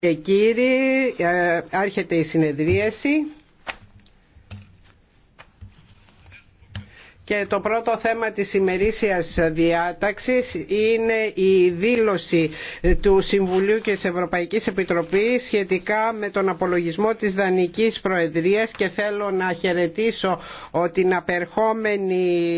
και κύριοι, ε, άρχεται η συνεδρίαση και το πρώτο θέμα της ημερήσιας διάταξης είναι η δήλωση του Συμβουλίου και της Ευρωπαϊκής Επιτροπής σχετικά με τον απολογισμό της Δανικής Προεδρίας και θέλω να χαιρετήσω την απερχόμενη